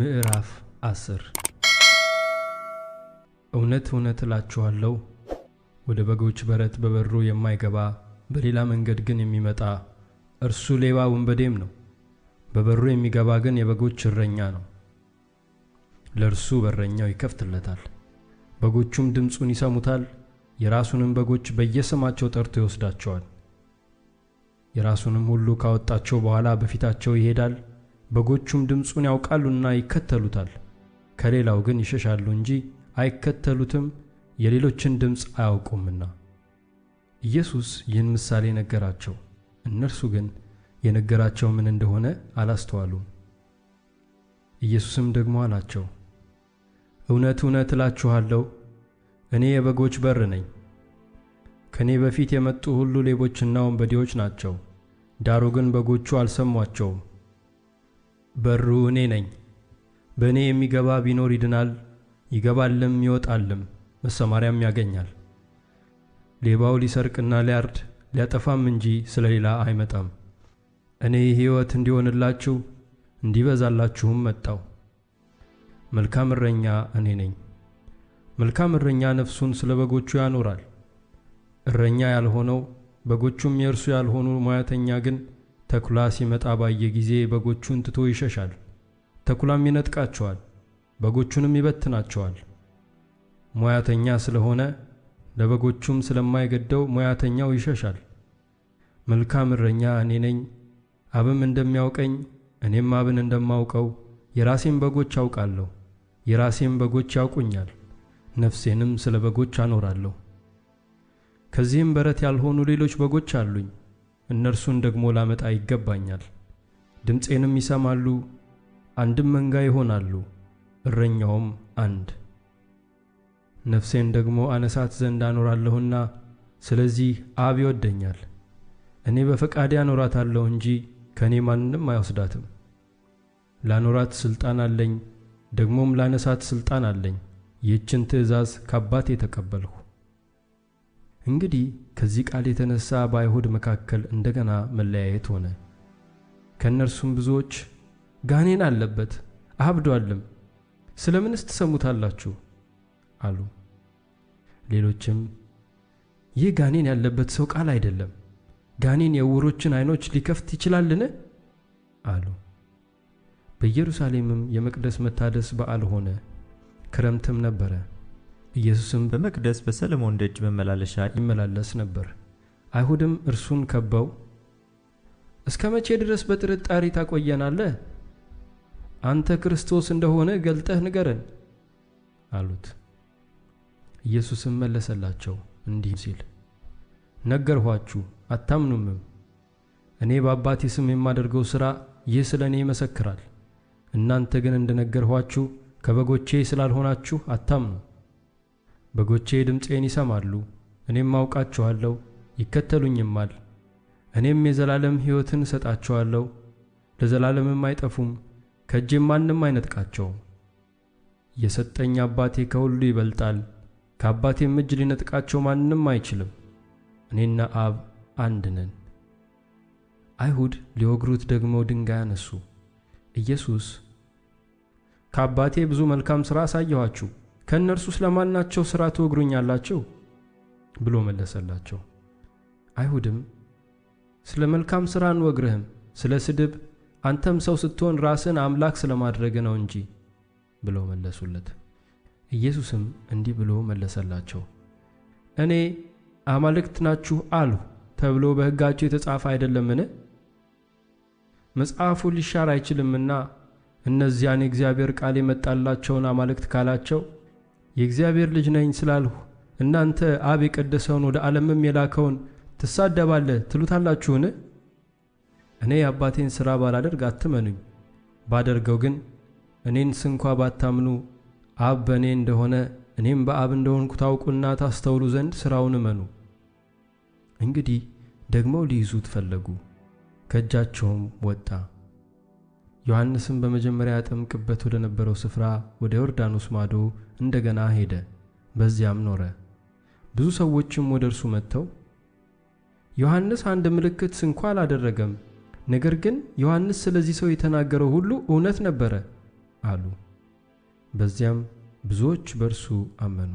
ምዕራፍ አስር እውነት እውነት እላችኋለሁ ወደ በጎች በረት በበሩ የማይገባ በሌላ መንገድ ግን የሚመጣ እርሱ ሌባ ወንበዴም ነው፤ በበሩ የሚገባ ግን የበጎች እረኛ ነው። ለእርሱ በረኛው ይከፍትለታል፣ በጎቹም ድምፁን ይሰሙታል፤ የራሱንም በጎች በየስማቸው ጠርቶ ይወስዳቸዋል። የራሱንም ሁሉ ካወጣቸው በኋላ በፊታቸው ይሄዳል፤ በጎቹም ድምፁን ያውቃሉና ይከተሉታል። ከሌላው ግን ይሸሻሉ እንጂ አይከተሉትም፣ የሌሎችን ድምፅ አያውቁምና። ኢየሱስ ይህን ምሳሌ ነገራቸው፤ እነርሱ ግን የነገራቸው ምን እንደሆነ አላስተዋሉም። ኢየሱስም ደግሞ አላቸው፣ እውነት እውነት እላችኋለሁ፣ እኔ የበጎች በር ነኝ። ከእኔ በፊት የመጡ ሁሉ ሌቦችና ወንበዴዎች ናቸው፤ ዳሩ ግን በጎቹ አልሰሟቸውም። በሩ እኔ ነኝ። በእኔ የሚገባ ቢኖር ይድናል፣ ይገባልም ይወጣልም፣ መሰማሪያም ያገኛል። ሌባው ሊሰርቅና ሊያርድ ሊያጠፋም እንጂ ስለ ሌላ አይመጣም። እኔ ሕይወት እንዲሆንላችሁ እንዲበዛላችሁም መጣው። መልካም እረኛ እኔ ነኝ። መልካም እረኛ ነፍሱን ስለ በጎቹ ያኖራል። እረኛ ያልሆነው በጎቹም የእርሱ ያልሆኑ ሙያተኛ ግን ተኩላ ሲመጣ ባየ ጊዜ በጎቹን ትቶ ይሸሻል። ተኩላም ይነጥቃቸዋል፣ በጎቹንም ይበትናቸዋል። ሙያተኛ ስለሆነ ለበጎቹም ስለማይገደው ሙያተኛው ይሸሻል። መልካም እረኛ እኔ ነኝ፣ አብም እንደሚያውቀኝ እኔም አብን እንደማውቀው የራሴም በጎች አውቃለሁ፣ የራሴም በጎች ያውቁኛል፣ ነፍሴንም ስለ በጎች አኖራለሁ። ከዚህም በረት ያልሆኑ ሌሎች በጎች አሉኝ እነርሱን ደግሞ ላመጣ ይገባኛል። ድምፄንም ይሰማሉ፣ አንድም መንጋ ይሆናሉ፣ እረኛውም አንድ። ነፍሴን ደግሞ አነሳት ዘንድ አኖራለሁና፣ ስለዚህ አብ ይወደኛል። እኔ በፈቃዴ አኖራታለሁ እንጂ ከእኔ ማንም አይወስዳትም። ላኖራት ሥልጣን አለኝ፣ ደግሞም ላነሳት ሥልጣን አለኝ። ይህችን ትእዛዝ ከአባቴ ተቀበልሁ። እንግዲህ ከዚህ ቃል የተነሣ በአይሁድ መካከል እንደገና መለያየት ሆነ። ከእነርሱም ብዙዎች ጋኔን አለበት አብዶአልም፣ ስለ ምንስ ትሰሙታላችሁ? አሉ። ሌሎችም ይህ ጋኔን ያለበት ሰው ቃል አይደለም፣ ጋኔን የዕውሮችን አይኖች ሊከፍት ይችላልን? አሉ። በኢየሩሳሌምም የመቅደስ መታደስ በዓል ሆነ፣ ክረምትም ነበረ። ኢየሱስም በመቅደስ በሰለሞን ደጅ መመላለሻ ይመላለስ ነበር። አይሁድም እርሱን ከበው እስከ መቼ ድረስ በጥርጣሪ ታቆየናለህ? አንተ ክርስቶስ እንደሆነ ገልጠህ ንገረን አሉት። ኢየሱስም መለሰላቸው እንዲህ ሲል ነገርኋችሁ፣ አታምኑምም። እኔ በአባቴ ስም የማደርገው ሥራ ይህ ስለ እኔ ይመሰክራል። እናንተ ግን እንደነገርኋችሁ ከበጎቼ ስላልሆናችሁ አታምኑ። በጎቼ ድምፄን ይሰማሉ፣ እኔም አውቃቸዋለሁ፣ ይከተሉኝማል። እኔም የዘላለም ሕይወትን እሰጣቸዋለሁ፣ ለዘላለምም አይጠፉም፣ ከእጄም ማንም አይነጥቃቸውም። የሰጠኝ አባቴ ከሁሉ ይበልጣል፣ ከአባቴም እጅ ሊነጥቃቸው ማንም አይችልም። እኔና አብ አንድ ነን። አይሁድ ሊወግሩት ደግሞ ድንጋይ አነሱ። ኢየሱስ ከአባቴ ብዙ መልካም ሥራ አሳየኋችሁ ከእነርሱ ስለማናቸው ሥራ ትወግሩኛላችሁ? ብሎ መለሰላቸው። አይሁድም ስለ መልካም ሥራ አንወግርህም፣ ስለ ስድብ፣ አንተም ሰው ስትሆን ራስን አምላክ ስለማድረግ ነው እንጂ ብለው መለሱለት። ኢየሱስም እንዲህ ብሎ መለሰላቸው፣ እኔ አማልክት ናችሁ አልሁ ተብሎ በሕጋችሁ የተጻፈ አይደለምን? መጽሐፉ ሊሻር አይችልምና እነዚያን የእግዚአብሔር ቃል የመጣላቸውን አማልክት ካላቸው የእግዚአብሔር ልጅ ነኝ ስላልሁ እናንተ አብ የቀደሰውን ወደ ዓለምም የላከውን ትሳደባለ ትሉታላችሁን? እኔ የአባቴን ሥራ ባላደርግ አትመኑኝ፤ ባደርገው ግን እኔን ስንኳ ባታምኑ አብ በእኔ እንደሆነ እኔም በአብ እንደሆንኩ ታውቁና ታስተውሉ ዘንድ ሥራውን እመኑ። እንግዲህ ደግሞ ሊይዙት ፈለጉ፣ ከእጃቸውም ወጣ። ዮሐንስም በመጀመሪያ ያጠምቅበት ወደ ነበረው ስፍራ ወደ ዮርዳኖስ ማዶ እንደገና ሄደ፣ በዚያም ኖረ። ብዙ ሰዎችም ወደ እርሱ መጥተው ዮሐንስ አንድ ምልክት እንኳ አላደረገም፣ ነገር ግን ዮሐንስ ስለዚህ ሰው የተናገረው ሁሉ እውነት ነበረ አሉ። በዚያም ብዙዎች በእርሱ አመኑ።